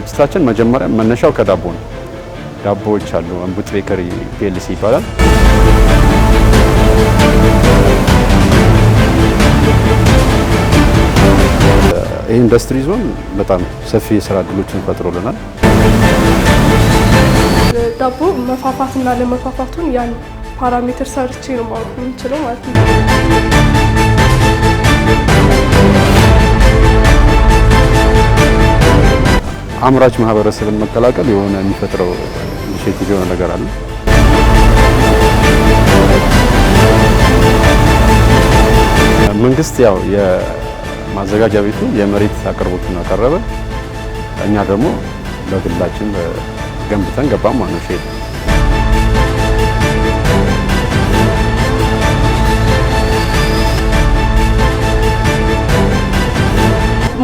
ድርጅታችን መጀመሪያ መነሻው ከዳቦ ነው። ዳቦዎች አሉ። እምቡት ቤከሪ ፒኤልሲ ይባላል። ይህ ኢንዱስትሪ ዞን በጣም ሰፊ የስራ እድሎችን ፈጥሮልናል። ዳቦ መፋፋትና ለመፋፋቱን ያን ፓራሜትር ሰርቼ ነው ማወቅ የምችለው ማለት ነው። አምራች ማህበረሰብን መቀላቀል የሆነ የሚፈጥረው ኢኒሼቲቭ የሆነ ነገር አለ። መንግስት ያው የማዘጋጃ ቤቱ የመሬት አቅርቦትን አቀረበ። እኛ ደግሞ በግላችን ገንብተን ገባም ማነው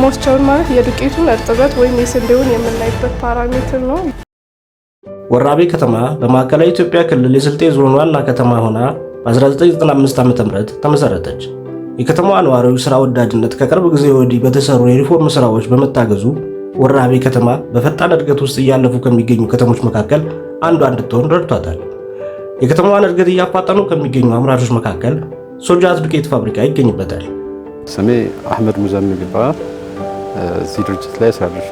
ሞስቸር ማለት የዱቄቱን እርጥበት ወይም የስንዴውን የምናይበት ፓራሜትር ነው። ወራቤ ከተማ በማዕከላዊ ኢትዮጵያ ክልል የስልጤ ዞን ዋና ከተማ ሆና በ1995 ዓ.ም ተመሰረተች። የከተማዋ ነዋሪዎች ሥራ ወዳድነት ከቅርብ ጊዜ ወዲህ በተሰሩ የሪፎርም ሥራዎች በመታገዙ ወራቤ ከተማ በፈጣን እድገት ውስጥ እያለፉ ከሚገኙ ከተሞች መካከል አንዷ እንድትሆን ረድቷታል። የከተማዋን እድገት እያፋጠኑ ከሚገኙ አምራቾች መካከል ሶጃት ዱቄት ፋብሪካ ይገኝበታል። ስሜ አህመድ ሙዘሚል ይባላል። እዚህ ድርጅት ላይ ሳድርሻ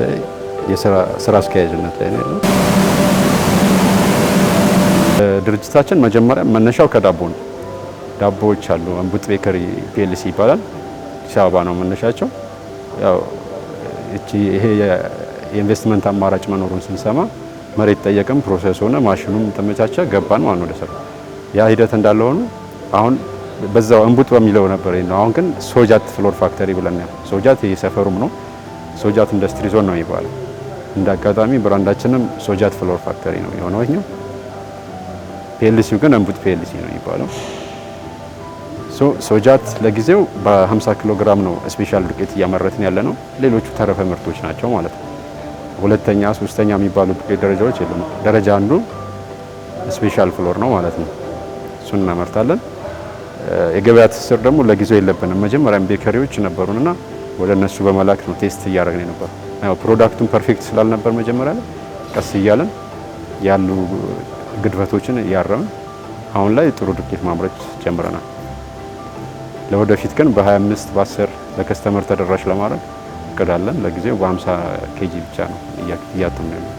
የስራ አስኪያጅነት ላይ ነው። ድርጅታችን መጀመሪያ መነሻው ከዳቦ ነው። ዳቦዎች አሉ። እንቡጥ ቤከሪ ፒኤልሲ ይባላል። አዲስ አበባ ነው መነሻቸው። ያው እቺ ይሄ የኢንቨስትመንት አማራጭ መኖሩን ስንሰማ መሬት ጠየቅም፣ ፕሮሰስ ሆነ፣ ማሽኑም ተመቻቸ፣ ገባን ማለት ነው ወደ ስራ። ያ ሂደት እንዳለ ሆኖ አሁን በዛው እንቡጥ በሚለው ነበር። ነው። አሁን ግን ሶጃት ፍሎር ፋክተሪ ብለን ሶጃት የሰፈሩም ነው ሶጃት ኢንዱስትሪ ዞን ነው የሚባለው። እንደ አጋጣሚ ብራንዳችንም ሶጃት ፍሎር ፋክተሪ ነው የሆነው። እኛው ፒኤልሲው ግን እንቡጥ ፒኤልሲ ነው የሚባለው። ሶጃት ለጊዜው በ50 ኪሎ ግራም ነው ስፔሻል ዱቄት እያመረትን ያለ ነው። ሌሎቹ ተረፈ ምርቶች ናቸው ማለት ነው። ሁለተኛ፣ ሶስተኛ የሚባሉ ዱቄት ደረጃዎች የለም። ደረጃ አንዱ ስፔሻል ፍሎር ነው ማለት ነው። እሱን እናመርታለን። የገበያ ትስስር ደግሞ ለጊዜው የለብንም። መጀመሪያም ቤከሪዎች ነበሩንና ወደ እነሱ በመላክ ነው ቴስት እያደረግን ነበር። ያው ፕሮዳክቱን ፐርፌክት ስላልነበር መጀመሪያ ላይ ቀስ እያለን ያሉ ግድፈቶችን እያረምን አሁን ላይ ጥሩ ዱቄት ማምረት ጀምረናል። ለወደፊት ግን በ25 በ10 ለከስተመር ተደራሽ ለማድረግ እቅዳለን። ለጊዜው በ50 ኬጂ ብቻ ነው እያተም ነው።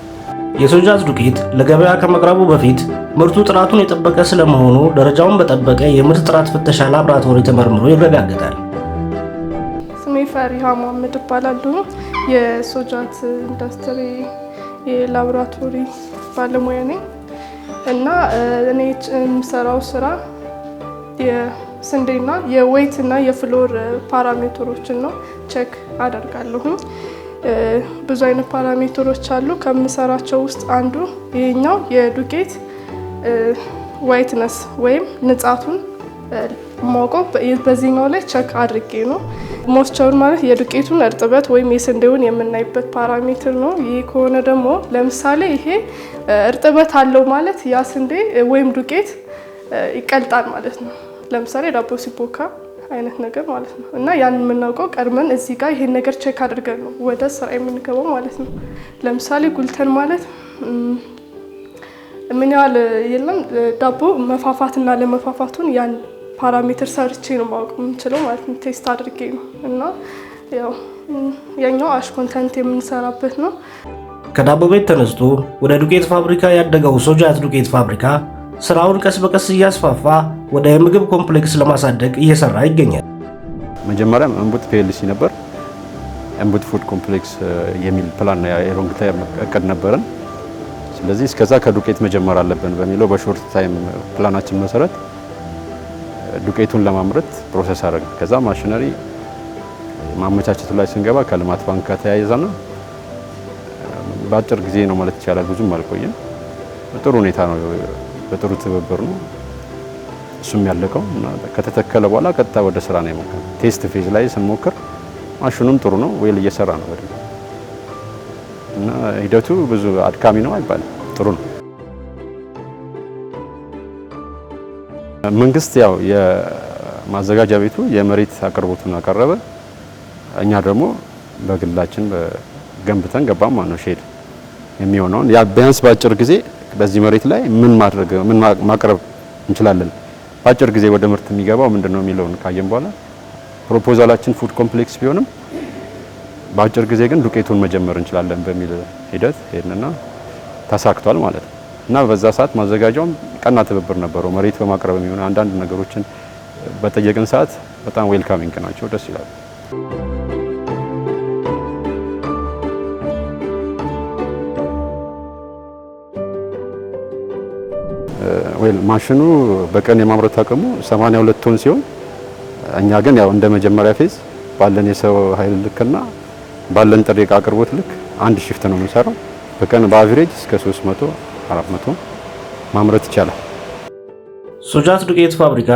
የሶጃዝ ዱቄት ለገበያ ከመቅረቡ በፊት ምርቱ ጥራቱን የጠበቀ ስለመሆኑ ደረጃውን በጠበቀ የምርት ጥራት ፍተሻ ላብራቶሪ ተመርምሮ ይረጋገጣል። ፈሪሃ መሐመድ እባላለሁ። የሶጃት ኢንዱስትሪ የላቦራቶሪ ባለሙያ ነኝ እና እኔ የምሰራው ስራ የስንዴና የወይት እና የፍሎር ፓራሜትሮችን ነው ቼክ አደርጋለሁ ብዙ አይነት ፓራሜትሮች አሉ። ከምሰራቸው ውስጥ አንዱ ይሄኛው የዱቄት ዋይትነስ ወይም ንጻቱን ማውቀው በዚህኛው ላይ ቸክ አድርጌ ነው። ሞስቸር ማለት የዱቄቱን እርጥበት ወይም የስንዴውን የምናይበት ፓራሜትር ነው። ይህ ከሆነ ደግሞ ለምሳሌ ይሄ እርጥበት አለው ማለት ያ ስንዴ ወይም ዱቄት ይቀልጣል ማለት ነው። ለምሳሌ ዳቦ ሲቦካ አይነት ነገር ማለት ነው። እና ያን የምናውቀው ቀድመን እዚህ ጋር ይሄን ነገር ቼክ አድርገን ነው ወደ ስራ የምንገባው ማለት ነው። ለምሳሌ ጉልተን ማለት ምን ያህል የለም ዳቦ መፋፋትና ለመፋፋቱን ያን ፓራሜትር ሰርቼ ነው ማወቅ የምንችለው ማለት ነው። ቴስት አድርጌ ነው እና ያው የኛው አሽ ኮንተንት የምንሰራበት ነው። ከዳቦ ቤት ተነስቶ ወደ ዱቄት ፋብሪካ ያደገው ሶጃት ዱቄት ፋብሪካ ስራውን ቀስ በቀስ እያስፋፋ ወደ ምግብ ኮምፕሌክስ ለማሳደግ እየሰራ ይገኛል። መጀመሪያም እምቡጥ ፒኤልሲ ነበር። እምቡጥ ፉድ ኮምፕሌክስ የሚል ፕላን የሮንግ ታይም እቅድ ነበረን። ስለዚህ እስከዛ ከዱቄት መጀመር አለብን በሚለው በሾርት ታይም ፕላናችን መሰረት ዱቄቱን ለማምረት ፕሮሰስ አደረግን። ከዛ ማሽነሪ ማመቻቸቱ ላይ ስንገባ ከልማት ባንክ ጋር ተያይዘና በአጭር ጊዜ ነው ማለት ይቻላል። ብዙም አልቆየም። በጥሩ ሁኔታ ነው፣ በጥሩ ትብብር ነው እሱም ያለቀው። ከተተከለ በኋላ ቀጥታ ወደ ስራ ነው የሞከረ። ቴስት ፌዝ ላይ ስንሞክር ማሽኑም ጥሩ ነው፣ ወይል እየሰራ ነው እና ሂደቱ ብዙ አድካሚ ነው አይባልም፣ ጥሩ ነው። መንግስት ያው የማዘጋጃ ቤቱ የመሬት አቅርቦቱን አቀረበ። እኛ ደግሞ በግላችን ገንብተን ገባ ማነው ሼድ የሚሆነውን ያ ቢያንስ በአጭር ጊዜ በዚህ መሬት ላይ ምን ማድረግ ምን ማቅረብ እንችላለን፣ በአጭር ጊዜ ወደ ምርት የሚገባው ምንድነው የሚለውን ካየን በኋላ ፕሮፖዛላችን ፉድ ኮምፕሌክስ ቢሆንም በአጭር ጊዜ ግን ዱቄቱን መጀመር እንችላለን በሚል ሂደት ሄድንና ተሳክቷል ማለት ነው። እና በዛ ሰዓት ማዘጋጃውም ቀና ትብብር ነበረው። መሬት በማቅረብ የሚሆን አንዳንድ ነገሮችን በጠየቅን ሰዓት በጣም ዌልካሚንግ ናቸው። ደስ ይላል። ወይ ማሽኑ በቀን የማምረት አቅሙ 82 ቶን ሲሆን እኛ ግን ያው እንደ መጀመሪያ ፌዝ ባለን የሰው ኃይል ልክና ባለን ጥሬ ዕቃ አቅርቦት ልክ አንድ ሽፍት ነው የምንሰራው። በቀን በአቨሬጅ እስከ 300 400 ማምረት ይቻላል። ሱጃት ዱቄት ፋብሪካ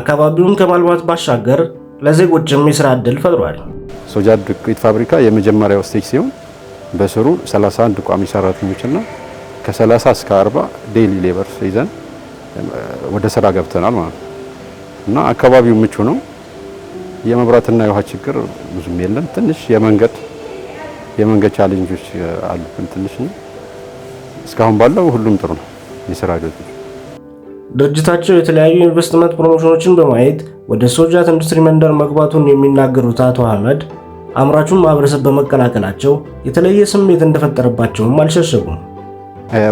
አካባቢውን ከማልማት ባሻገር ለዜጎችም የስራ እድል ፈጥሯል። ሱጃት ዱቄት ፋብሪካ የመጀመሪያው ስቴጅ ሲሆን በስሩ 31 ቋሚ ሰራተኞችና ከ30 እስከ 40 ዴይሊ ሌበር ይዘን ወደ ስራ ገብተናል ማለት ነው እና አካባቢው ምቹ ነው። የመብራትና የውሃ ችግር ብዙም የለም። ትንሽ የመንገድ የመንገድ ቻሌንጆች አሉብን ትንሽ ነው እስካሁን ባለው ሁሉም ጥሩ ነው። የስራ ሂደቱ ድርጅታቸው የተለያዩ ኢንቨስትመንት ፕሮሞሽኖችን በማየት ወደ ሶጃት ኢንዱስትሪ መንደር መግባቱን የሚናገሩት አቶ አህመድ አምራቹን ማህበረሰብ በመቀላቀላቸው የተለየ ስሜት እንደፈጠረባቸውም አልሸሸጉም።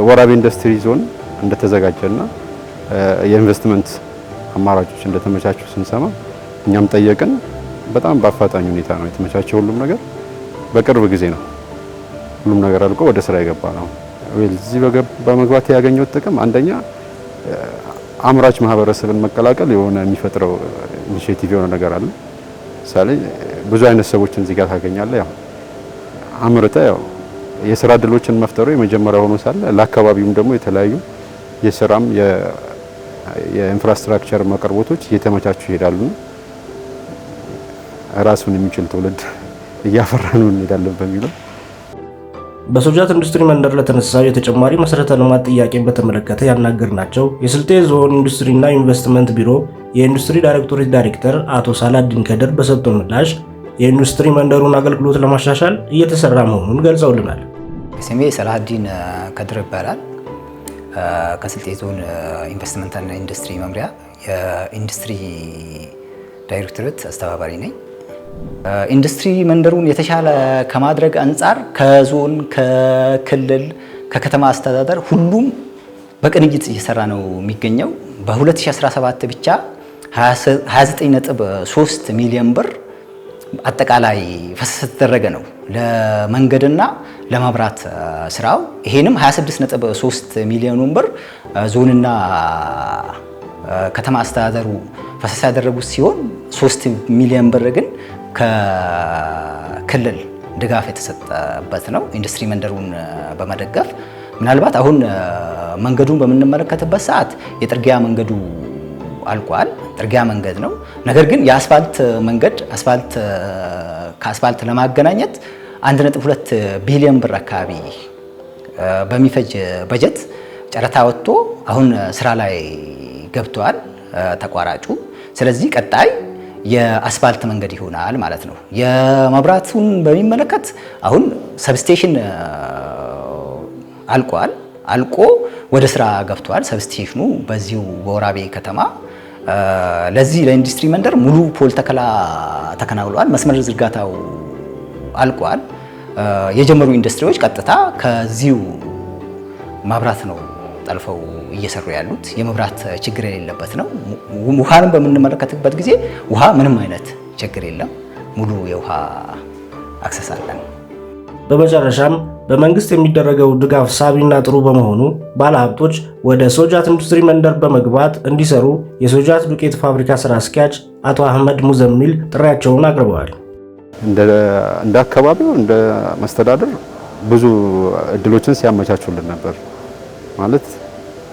ወራቤ ኢንዱስትሪ ዞን እንደተዘጋጀና የኢንቨስትመንት አማራጮች እንደተመቻቸው ስንሰማ እኛም ጠየቅን። በጣም በአፋጣኝ ሁኔታ ነው የተመቻቸው ሁሉም ነገር። በቅርብ ጊዜ ነው ሁሉም ነገር አልቆ ወደ ስራ የገባ ነው። እዚህ በመግባት ያገኘሁት ጥቅም አንደኛ አምራች ማህበረሰብን መቀላቀል የሆነ የሚፈጥረው ኢኒሼቲቭ የሆነ ነገር አለ። ምሳሌ ብዙ አይነት ሰዎችን እዚህ ጋር ታገኛለ። ያው አምርተ ያው የስራ እድሎችን መፍጠሩ የመጀመሪያ ሆኖ ሳለ ለአካባቢውም ደግሞ የተለያዩ የስራም የኢንፍራስትራክቸር አቅርቦቶች እየተመቻቹ ይሄዳሉ። ራሱን የሚችል ትውልድ እያፈራን እንሄዳለን በሚለው በሶጃት ኢንዱስትሪ መንደር ለተነሳው የተጨማሪ መሰረተ ልማት ጥያቄን በተመለከተ ያናገርናቸው የስልጤ ዞን ኢንዱስትሪና ኢንቨስትመንት ቢሮ የኢንዱስትሪ ዳይሬክቶሬት ዳይሬክተር አቶ ሳላዲን ከደር በሰጡት ምላሽ የኢንዱስትሪ መንደሩን አገልግሎት ለማሻሻል እየተሰራ መሆኑን ገልጸውልናል። ስሜ ሰላዲን ከድር ይባላል። ከስልጤ ዞን ኢንቨስትመንትና ኢንዱስትሪ መምሪያ የኢንዱስትሪ ዳይሬክቶሬት አስተባባሪ ነኝ። ኢንዱስትሪ መንደሩን የተሻለ ከማድረግ አንጻር ከዞን፣ ከክልል፣ ከከተማ አስተዳደር ሁሉም በቅንጅት እየሰራ ነው የሚገኘው። በ2017 ብቻ 29.3 ሚሊዮን ብር አጠቃላይ ፈሰስ የተደረገ ነው ለመንገድና ለመብራት ስራው። ይሄንም 26.3 ሚሊዮኑን ብር ዞንና ከተማ አስተዳደሩ ፈሰስ ያደረጉት ሲሆን 3 ሚሊዮን ብር ግን ከክልል ድጋፍ የተሰጠበት ነው። ኢንዱስትሪ መንደሩን በመደገፍ ምናልባት አሁን መንገዱን በምንመለከትበት ሰዓት የጥርጊያ መንገዱ አልቋል። ጥርጊያ መንገድ ነው። ነገር ግን የአስፋልት መንገድ አስፋልት ከአስፋልት ለማገናኘት 1.2 ቢሊዮን ብር አካባቢ በሚፈጅ በጀት ጨረታ ወጥቶ አሁን ስራ ላይ ገብቷል ተቋራጩ። ስለዚህ ቀጣይ የአስፋልት መንገድ ይሆናል ማለት ነው። የመብራቱን በሚመለከት አሁን ሰብስቴሽን አልቋል። አልቆ ወደ ስራ ገብቷል። ሰብስቴሽኑ በዚሁ በወራቤ ከተማ ለዚህ ለኢንዱስትሪ መንደር ሙሉ ፖል ተከላ ተከናውሏል። መስመር ዝርጋታው አልቋል። የጀመሩ ኢንዱስትሪዎች ቀጥታ ከዚሁ ማብራት ነው ጠልፈው እየሰሩ ያሉት የመብራት ችግር የሌለበት ነው። ውሃንም በምንመለከትበት ጊዜ ውሃ ምንም አይነት ችግር የለም፣ ሙሉ የውሃ አክሰስ አለን። በመጨረሻም በመንግስት የሚደረገው ድጋፍ ሳቢና ጥሩ በመሆኑ ባለሀብቶች ወደ ሶጃት ኢንዱስትሪ መንደር በመግባት እንዲሰሩ የሶጃት ዱቄት ፋብሪካ ስራ አስኪያጅ አቶ አህመድ ሙዘሚል ጥሪያቸውን አቅርበዋል። እንደ አካባቢው እንደ መስተዳድር ብዙ እድሎችን ሲያመቻቹልን ነበር። ማለት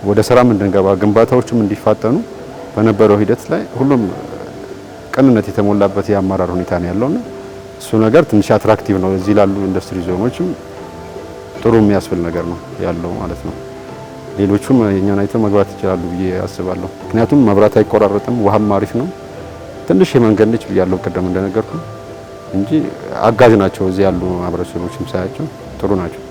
ወደ ስራም እንድንገባ ግንባታዎችም እንዲፋጠኑ በነበረው ሂደት ላይ ሁሉም ቅንነት የተሞላበት የአመራር ሁኔታ ነው ያለውና እሱ ነገር ትንሽ አትራክቲቭ ነው። እዚህ ላሉ ኢንዱስትሪ ዞኖችም ጥሩ የሚያስብል ነገር ነው ያለው ማለት ነው። ሌሎቹም የኛን አይተው መግባት ይችላሉ ብዬ አስባለሁ። ምክንያቱም መብራት አይቆራረጥም፣ ውሃም አሪፍ ነው። ትንሽ የመንገድ ልጅ ብያለሁ ቀደም እንደነገርኩ እንጂ አጋዥ ናቸው። እዚህ ያሉ ማህበረሰቦችም ሳያቸው ጥሩ ናቸው።